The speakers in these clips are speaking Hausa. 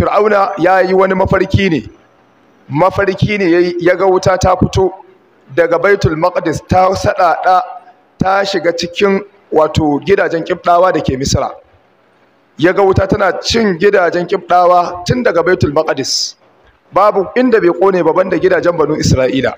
fir'auna ya yi wani mafarki ne mafarki ne ya ga wuta ta fito daga baitul maqdis ta saɗaɗa ta shiga cikin wato gidajen kibdawa da ke misra ya ga wuta tana cin gidajen kibdawa tun daga baitul maqdis babu inda bai kone ba banda gidajen banu isra'ila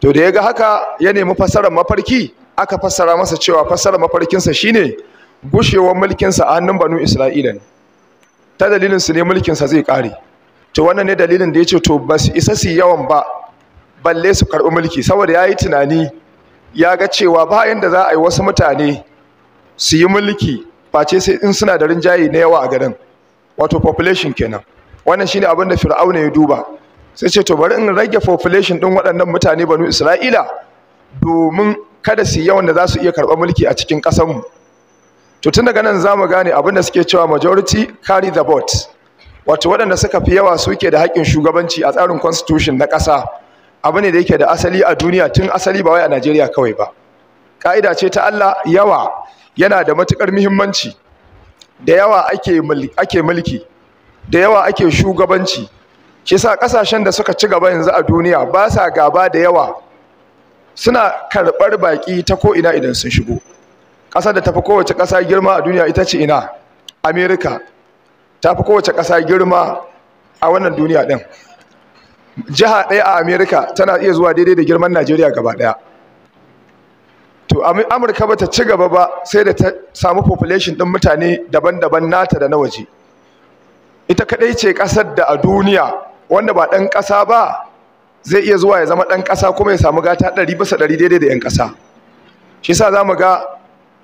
to da ya ga haka ya nemi fassarar mafarki aka fassara masa cewa fasarar mafarkinsa shine gushewar mulkinsa a hannun banu isra'ila ne ta dalilin su ne mulkin sa zai kare to wannan ne dalilin da yace to ba su isa su yawan ba balle su karbi mulki saboda yayi tunani ya ga cewa ba yanda za a yi wasu mutane su yi mulki face sai in suna da rinjaye na yawa a garin wato population kenan wannan shine abin da fir'auna ya duba sai ce to bari in rage population din waɗannan mutane banu isra'ila domin kada su yawan da za su iya karɓar mulki a cikin ƙasarmu to tun daga nan za mu gane abin da suke cewa majority carry the vote wato waɗanda suka fi yawa suke da haƙƙin shugabanci a tsarin constitution na ƙasa abu ne da yake da asali a duniya tun asali ba wai a Najeriya kawai ba ƙa'ida ce ta Allah yawa yana da matuƙar muhimmanci da yawa ake mulki da yawa ake shugabanci ke sa ƙasashen da suka ci gaba yanzu a duniya ba sa gaba da yawa suna karɓar baƙi ta ko ina idan sun shigo ƙasar da tafi kowace ƙasa girma a duniya ita ce ina Amerika, ta fi kowace ƙasa girma a wannan duniya ɗin jiha ɗaya a Amerika tana iya zuwa daidai da girman najeriya gaba ɗaya to amurka ba ta ci gaba ba sai da ta samu population ɗin mutane daban-daban nata da na waje ita kaɗai ce ƙasar da a duniya wanda ba ɗan ƙasa ba zai iya zuwa ya zama ɗan ƙasa kuma ya samu gata ɗari bisa ɗari daidai da 'yan ƙasa shi sa za mu ga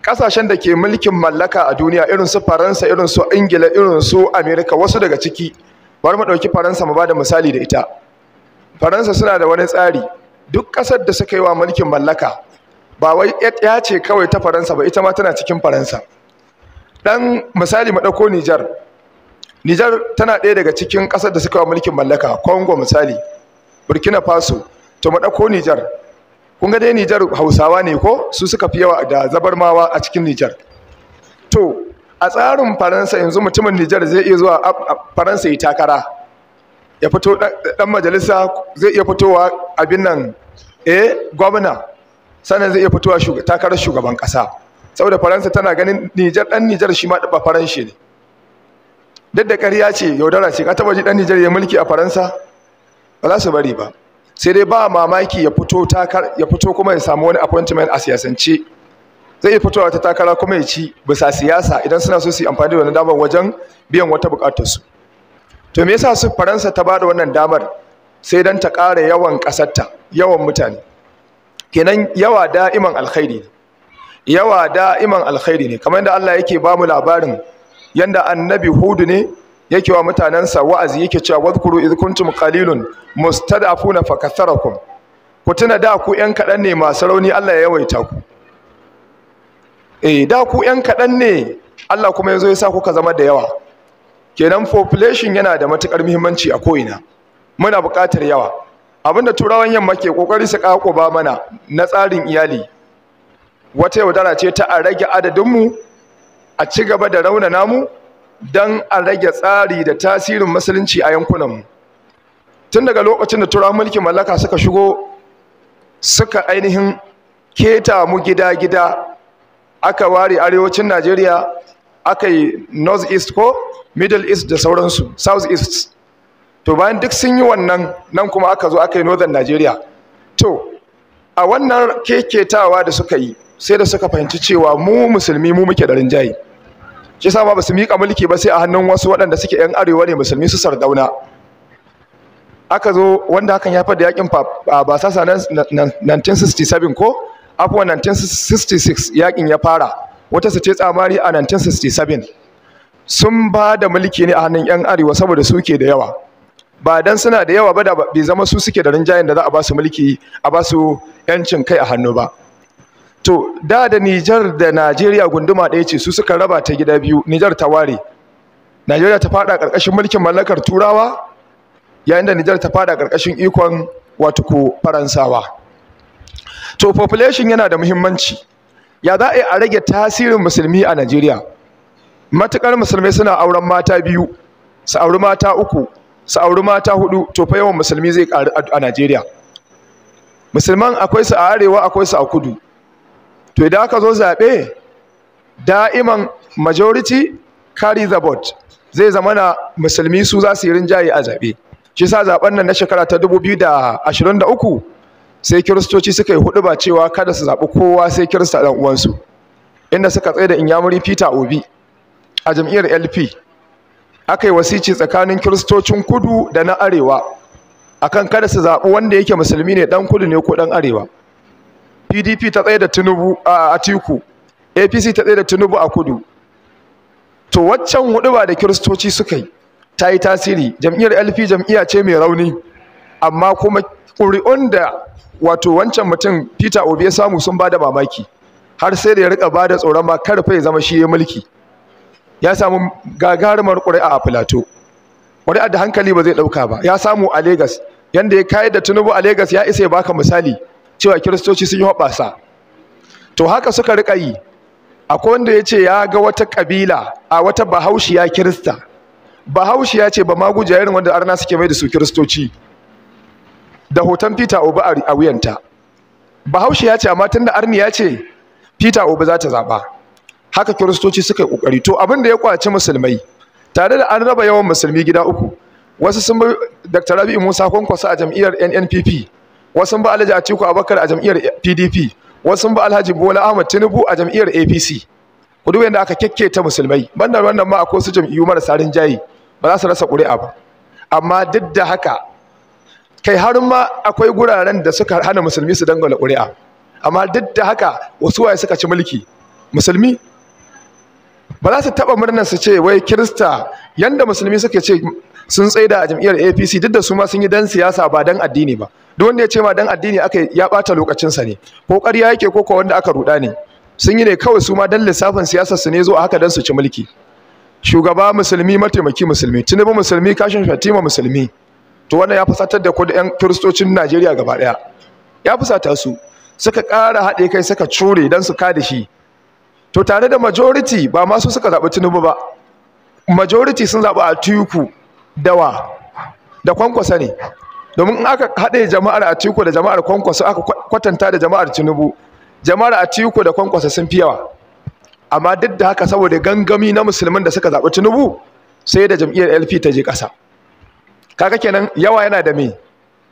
kasashen da ke mulkin mallaka a duniya irin su faransa irin su ingila irin su amerika wasu daga ciki bari mu ɗauki faransa mu bada misali da ita faransa suna da wani tsari duk ƙasar da suka yi wa mulkin mallaka ba wai ya ce kawai ta faransa ba ita ma tana cikin faransa dan misali mu ɗauko nijar nijar tana ɗaya daga cikin ƙasar da suka yi wa mulkin mallaka congo misali burkina faso to mu ɗauko nijar kun ga dai Nijar Hausawa ne ko su suka fi yawa da zabarmawa a cikin Nijar to a tsarin Faransa yanzu mutumin Nijar zai iya zuwa Faransa yi takara ya fito dan majalisa zai iya fitowa abin nan eh gwamna sannan zai iya fitowa takarar shugaban kasa saboda Faransa tana ganin Nijar dan Nijar shi ma da Faransa ne duk da ƙarya ce yaudara ce ka taba ji dan Nijar ya mulki a Faransa ba za su bari ba sai dai ba mamaki ya fito takar ya fito kuma ya samu wani appointment a siyasance zai iya fitowa ta takara kuma ya ci bisa siyasa idan suna so su yi amfani da wannan damar wajen biyan wata buƙatar su to me yasa su faransa ta bada wannan damar sai dan ta ƙara yawan ƙasarta yawan mutane kenan yawa da'iman alkhairi ne yawa da'iman alkhairi ne kamar yadda Allah yake ba mu labarin yanda annabi hudu ne yake wa mutanensa wa'azi yake cewa wadhkuru kalilun kuntum qalilun mustad'afuna fakatharakum ku tuna da ku yan kadan ne masu rauni Allah ya yawaita ku eh da ku yan kadan ne Allah kuma yazo ya sa kuka zama da yawa kenan population yana da matukar muhimmanci a ko'ina muna buƙatar yawa abinda turawan yamma ke kokari su ba mana na tsarin iyali wata yaudara ce ta a rage adadinmu a ci gaba da raunana mu don a rage tsari da tasirin musulunci a yankunanmu tun daga lokacin da turawan mulkin mallaka suka shigo suka ainihin keta mu gida-gida aka ware arewacin najeriya aka yi north east ko middle east da sauransu south east to bayan duk sun yi wannan nan kuma aka zo aka yi northern najeriya to a wannan keketawa da suka yi sai da suka fahimci cewa mu musulmi mu muke da rinjaye shi yasa ba su miƙa mulki ba sai a hannun wasu waɗanda suke yan arewa ne musulmi su sardauna aka zo wanda hakan ya da yakin basasa 1967 ko afuwa 1966 yakin ya fara wata su ce tsamari a 1967 sun ba da mulki ne a hannun yan arewa saboda suke da yawa ba dan suna da yawa ba da bai zama su suke da rinjayen da za a ba su mulki a ba su yancin kai a hannu ba to da da Nijar da Najeriya gunduma ɗaya ce su suka raba ta gida biyu Nijar ta ware Najeriya ta fada ƙarƙashin mulkin mallakar Turawa yayin da Nijar ta fada ƙarƙashin ikon wato ko Faransawa to population yana da muhimmanci ya za a rage tasirin musulmi a Najeriya matukar musulmai suna auren mata biyu su auri mata uku su auri mata hudu to fa yawan musulmi zai ƙaru a Najeriya musulman akwai su a arewa akwai su a kudu to idan aka zo zaɓe da'iman majority carry the board, zai zama na musulmi su za su yi rinjaye a zaɓe shi sa zaɓen nan na shekara ta 2023 sai kiristoci suka yi hudu ba cewa kada su zaɓi kowa sai kirista ɗan uwansu inda suka tsaye da inyamuri peter obi a jam'iyyar lp aka yi wasici tsakanin kiristocin kudu da na arewa akan kada su zaɓi wanda yake musulmi ne ɗan kudu ne ko ɗan arewa pdp ta tsaye da tinubu a atiku apc ta tsaye da tinubu a kudu to waccan huduba da kiristoci suka yi ta yi tasiri jam'iyyar lp jam'iyya ce mai rauni amma kuma ƙuri'un da wato wancan mutum peter obi ya samu sun ba da mamaki har sai da ya rika ba da tsoron ma karfe ya zama shi ya mulki ya samu gagarumar ƙuri'a a filato ƙuri'a da hankali ba zai ɗauka ba ya samu a Legas. yanda ya kayar da tinubu a Legas ya isa ya baka misali cewa kiristoci sun yi hoɓasa to haka suka rika yi akwai wanda ya ce ya ga wata ƙabila a wata bahaushiya kirista bahaushiya ce ba maguja irin wanda arna suke mai da su kiristoci da hoton peter obi a wuyanta bahaushiya ce amma tun da arniya ce peter obi za ta zaɓa haka kiristoci suka yi ƙoƙari to abin da ya kwaci musulmai tare da an raba yawan musulmi gida uku wasu sun bi dr rabi'u musa kwankwasa a jam'iyyar nnpp wasu ba alhaji atiku abakar a jam'iyyar pdp wasu ba alhaji bola ahmad tinubu a jam'iyyar apc ku duba yadda aka kekketa musulmai banda wannan ma akwai su jam'iyyu marasa rinjaye ba za su rasa ƙuri'a ba amma duk da haka kai har ma akwai guraren da suka hana musulmi su dangala ƙuri'a amma duk da haka wasu waye suka ci mulki musulmi ba za su taɓa murnar su ce wai kirista yanda musulmi suka ce sun tsaida a jam'iyyar apc duk da su ma sun yi dan siyasa ba dan addini ba duk wanda ya ce ma dan addini aka ya bata lokacinsa ne ko ƙarya yake ko wanda aka ruda ne sun yi ne kawai su ma dan lissafin siyasar su ne zo a haka dan su ci mulki shugaba musulmi mataimaki musulmi tinubu musulmi kashin fatima musulmi to wannan ya fusatar da kudi yan kiristocin najeriya gaba daya ya fusata su suka ƙara haɗe kai suka cure dan su kada shi to tare da majority ba ma su suka zaɓi tunubu ba majority sun zaɓi atiku dawa da kwankwasa ne domin in aka haɗe jama'ar Atiku da jama'ar Kwankwaso aka kwatanta da jama'ar Tinubu jama'ar Atiku da Kwankwaso sun fi yawa amma duk da haka saboda gangami na musulmin da suka zaɓi Tinubu sai da jam'iyyar LP ta je ƙasa kaga kenan yawa yana da me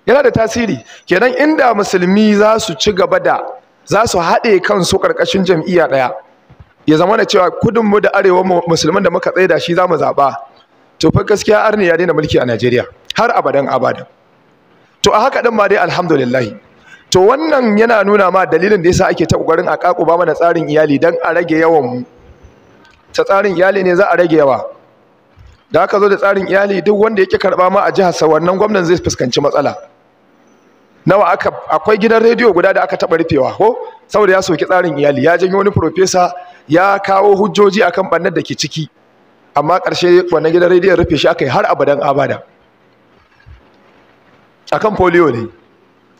yana da tasiri kenan inda musulmi za su ci gaba da za su haɗe kansu ƙarƙashin jam'iyya ɗaya ya zama da cewa kudinmu da arewa musulman da muka tsaye da shi za mu zaɓa to fa gaskiya arni ya daina mulki a Najeriya har abadan abadan to a haka din ma dai alhamdulillah to wannan yana nuna ma dalilin da yasa ake ta kokarin a ba mana tsarin iyali dan a rage yawan mu ta tsarin iyali ne za a rage yawa da aka zo da tsarin iyali duk wanda yake karba ma a jihar sa wannan gwamnan zai fuskanci matsala nawa aka akwai gidan rediyo guda da aka taba rufewa ko saboda ya soki tsarin iyali ya janyo wani professor ya kawo hujjoji akan bannan da ke ciki amma ƙarshe wannan gidan rediyon rufe shi aka yi har abadan abada akan polio ne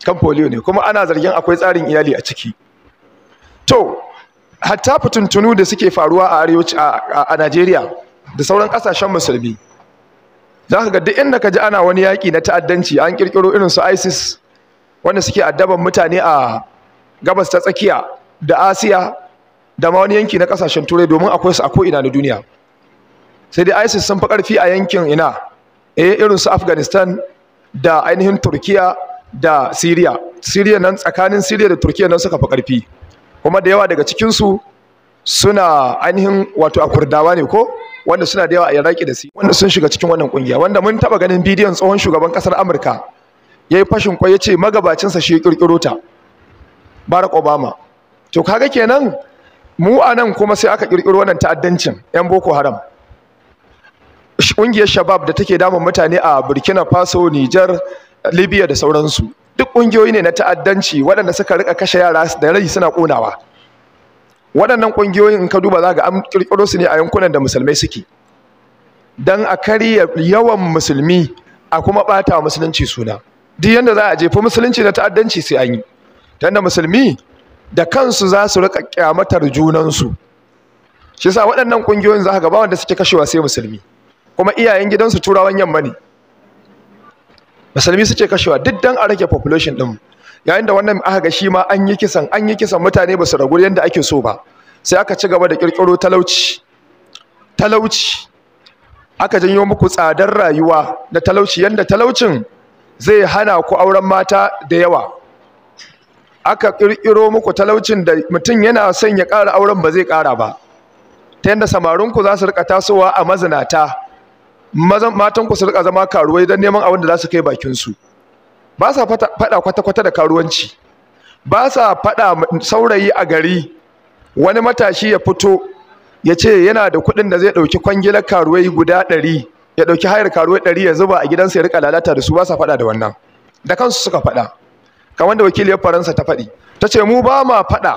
kan polio ne kuma ana zargin akwai tsarin iyali a ciki to hatta fituntunu da suke faruwa a arewaci a Najeriya da sauran kasashen musulmi zaka ga duk inda ka ji ana wani yaki na ta'addanci an kirkiro irin su ISIS wanda suke addaban mutane a gabas ta tsakiya da Asiya da ma wani yanki na kasashen turai domin akwai su a ko'ina na duniya sai dai ISIS sun fi karfi a yankin ina eh irin su Afghanistan da ainihin turkiya da siriya siriya nan tsakanin siriya da turkiya nan suka fi karfi kuma da yawa daga cikinsu suna ainihin wato a kurdawa ne ko wanda suna da yawa a iraki da siriya wanda sun shiga cikin wannan kungiya wanda mun taɓa ganin bidiyon tsohon shugaban ƙasar amurka ya yi fashin kwai ya ce magabacinsa shi ya ta barack obama to kaga kenan mu a nan kuma sai aka ƙirƙiro wannan ta'addancin 'yan boko haram ƙungiyar shabab da take damun mutane a burkina faso niger libya da sauransu duk ƙungiyoyi ne na ta'addanci waɗanda suka rika kashe yara da rai suna ƙonawa waɗannan ƙungiyoyin in ka duba za ga an ƙirƙiro su ne a yankunan da musulmai suke don a karya yawan musulmi a kuma ɓata musulunci suna duk yanda za a jefa musulunci na ta'addanci sai an yi musulmi da kansu za su rika kyamatar junansu shi yasa waɗannan ƙungiyoyin za ka ga ba wanda suke kashewa sai musulmi kuma iyayen gidansu turawan yamma ne musulmi suke kashewa duk dan a rage population din yayin da wannan aka ga shi ma an yi kisan an yi kisan mutane ba su ragu yadda ake so ba sai aka ci gaba da kirkiro talauci talauci aka janyo muku tsadar rayuwa na talauci yanda talaucin zai hana ku auren mata da yawa aka kirkiro muku talaucin da mutum yana son ya ƙara auren ba zai ƙara ba ta yanda samarinku za su rika tasowa a mazinata mazan matan ku su rika zama karuwai don neman abin da za su kai bakin su ba sa faɗa kwata-kwata da karuwanci ba sa faɗa saurayi a gari wani matashi ya fito ya ce yana da kuɗin da zai ɗauki kwangilar karuwai guda ɗari ya ɗauki hayar karuwai ɗari ya zuba a gidansa ya rika lalata da su ba sa faɗa da wannan da kansu suka faɗa kamar da wakiliyar faransa ta faɗi ta ce mu ba ma faɗa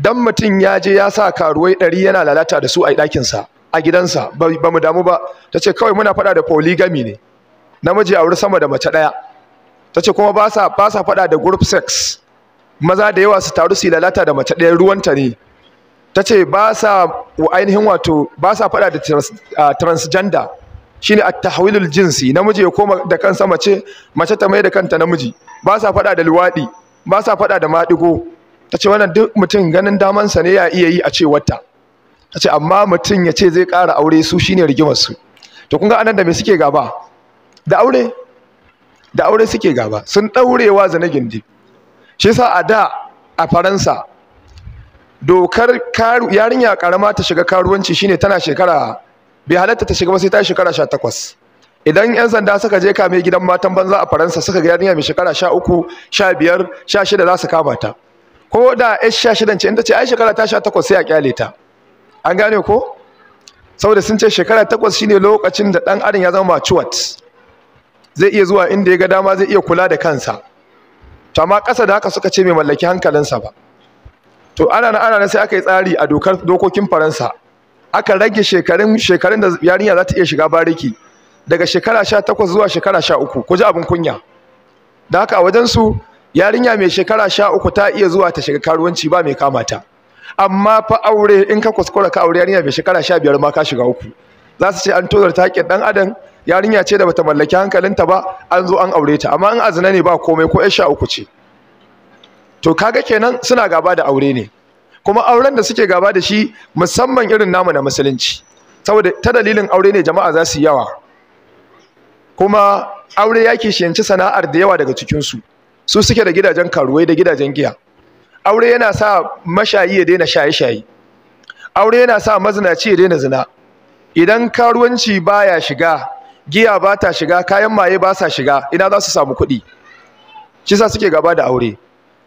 dan mutum ya je ya sa karuwai ɗari yana lalata da su a ɗakinsa a gidansa ba mu damu ba ta ce kawai muna faɗa da polygamy ne namiji a auri sama da mace ɗaya ta ce kuma ba sa faɗa da group sex maza da yawa su taru su lalata da mace ɗaya ruwanta ne ta ce ba sa ainihin wato ba sa faɗa da transgender shine a tahwilul jinsi namiji ya koma da kansa mace mace ta mai da kanta namiji ba sa faɗa da luwaɗi ba sa faɗa da maɗigo ta ce wannan duk mutum ganin damansa ne ya iya yi a cewarta tace amma mutum ya ce zai ƙara aure su shine su, to kun ga anan da me suke gaba da aure da aure suke gaba sun daurewa zane gindi shi yasa a da a faransa dokar yarinya karama ta shiga karuwanci shine tana shekara bai halatta ta shiga ba sai ta shekara 18 idan yan sanda suka je kame gidan matan banza a faransa suka ga yarinya mai shekara 13 15 16 za su kama ta ko da 16 ce inda ce ai shekara ta 18 sai a kyale ta an gane ko saboda sun ce shekara takwas shine lokacin da dan adam ya zama matuwat zai iya zuwa inda ya ga dama zai iya kula da kansa to amma ƙasa da haka suka ce mai mallaki hankalinsa ba to ana na ana sai aka yi tsari a dokar dokokin faransa aka rage shekarun shekarun da yarinya za ta iya shiga bariki daga shekara sha takwas zuwa shekara sha uku ku ji abin kunya da haka a wajensu yarinya mai shekara sha uku ta iya zuwa ta shiga karuwanci ba mai kamata amma fa aure in ka kuskura ka aure yarinya bai shekara sha biyar ma ka shiga uku za su ce an tozarta haƙƙin ɗan adam yarinya ce da bata mallaki hankalinta ba an zo an aure ta amma in azina ne ba komai ko sha uku ce to kaga kenan suna gaba da aure ne kuma auren da suke gaba da shi musamman irin namu na musulunci saboda ta dalilin aure ne jama'a za su yi yawa kuma aure ya kishiyanci sana'ar da yawa daga cikinsu su suke da gidajen karuwai da gidajen giya aure yana sa mashayi ya daina shaye-shaye aure yana sa mazinaci ya daina zina idan karuwanci baya shiga giya ba ta shiga kayan maye ba sa shiga ina za su samu kuɗi shi sa suke gaba da aure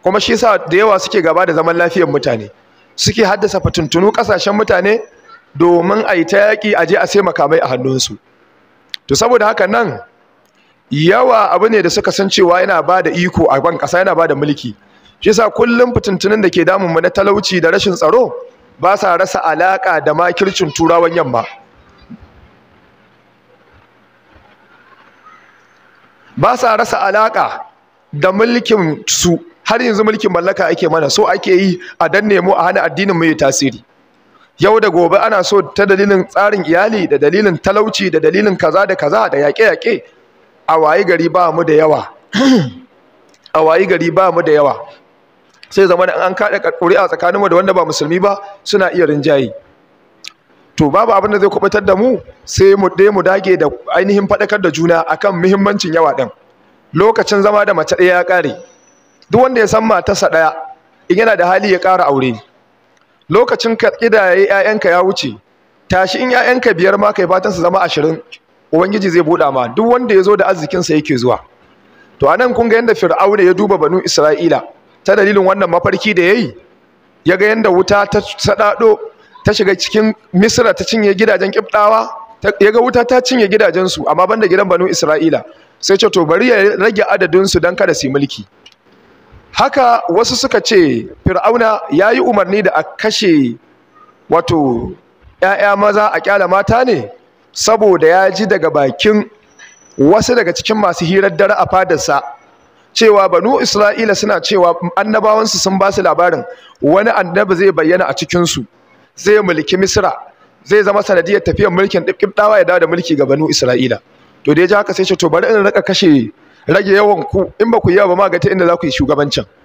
kuma shi sa da yawa suke gaba da zaman lafiyar mutane suke haddasa fatuntunu ƙasashen mutane domin a yi ta yaƙi a je a sai makamai a hannunsu to saboda haka nan yawa abu ne da suka san cewa yana ba da iko a ban ƙasa yana ba da mulki shi kullum fitintunin da ke damun mu na talauci da rashin tsaro ba sa rasa alaka da makircin turawan yamma ba sa rasa alaƙa da mulkin su har yanzu mulkin mallaka ake mana so ake yi a danne mu a hana addinin mu yi tasiri yau da gobe ana so ta dalilin tsarin iyali da dalilin talauci da dalilin kaza da kaza da yaƙe-yaƙe a wayi gari ba mu da yawa a wayi gari ba mu da yawa sai zama da an kaɗa ƙuri'a tsakaninmu da wanda ba musulmi ba suna iya rinjaye to babu abin da zai kubutar da mu sai mu dai mu dage da ainihin faɗakar da juna akan muhimmancin yawa ɗin lokacin zama da mace ɗaya ya kare. duk wanda ya san matarsa ɗaya in yana da hali ya ƙara aure lokacin ka ƙidaye ‘ya'yanka ya wuce tashi in ‘ya'yanka biyar ma kai fatan su zama ashirin ubangiji zai buɗa ma duk wanda ya zo da arzikinsa yake zuwa to anan kun ga yadda fir'auna ya duba banu isra'ila ta dalilin wannan mafarki da yayi ya ga yanda wuta ta sadado ta shiga cikin misra ta cinye gidajen kibdawa ya ga wuta ta cinye gidajensu amma banda gidan banu isra'ila sai ce to bari ya rage su don kada su mulki haka wasu suka ce fir'auna ya yi umarni da a kashe wato ‘ya'ya maza a kyala mata ne saboda ya ji daga bakin wasu daga cikin masu hirar dare a fadarsa cewa banu isra'ila suna cewa annabawansu sun ba su labarin wani annabi zai bayyana a cikinsu zai mulki misra zai zama sanadiyar tafiyar mulkin ɗiɗɗawa ya dawo da mulki ga banu isra'ila to da ya ji haka sai ce to bari in raka kashe rage yawan ku in ba ku yawa ba ma ga ta inda za ku yi shugabancin